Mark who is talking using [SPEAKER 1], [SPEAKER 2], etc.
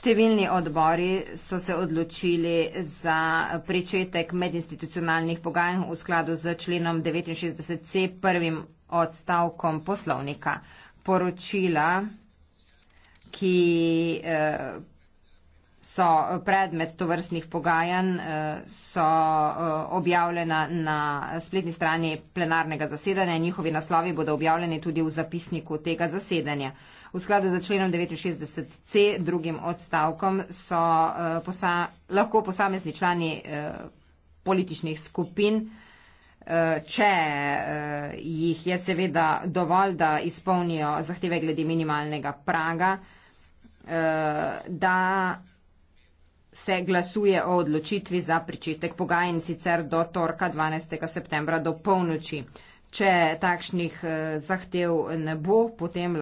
[SPEAKER 1] Številni odbori so se odločili za pričetek medinstitucionalnih pogajanj v skladu z členom 69c prvim odstavkom poslovnika. Poročila, ki eh, so predmet tovrstnih pogajanj, eh, so eh, objavljena na spletni strani plenarnega zasedanja. Njihovi naslovi bodo objavljeni tudi v zapisniku tega zasedanja. V skladu za členom 69c drugim odstavkom so eh, posa, lahko posamezni člani političnih skupin, če jih je seveda dovolj, da izpolnijo zahteve glede minimalnega praga, da se glasuje o odločitvi za pričetek pogajanj sicer do torka 12. septembra do polnoči. Če takšnih eh, zahtev ne bo, potem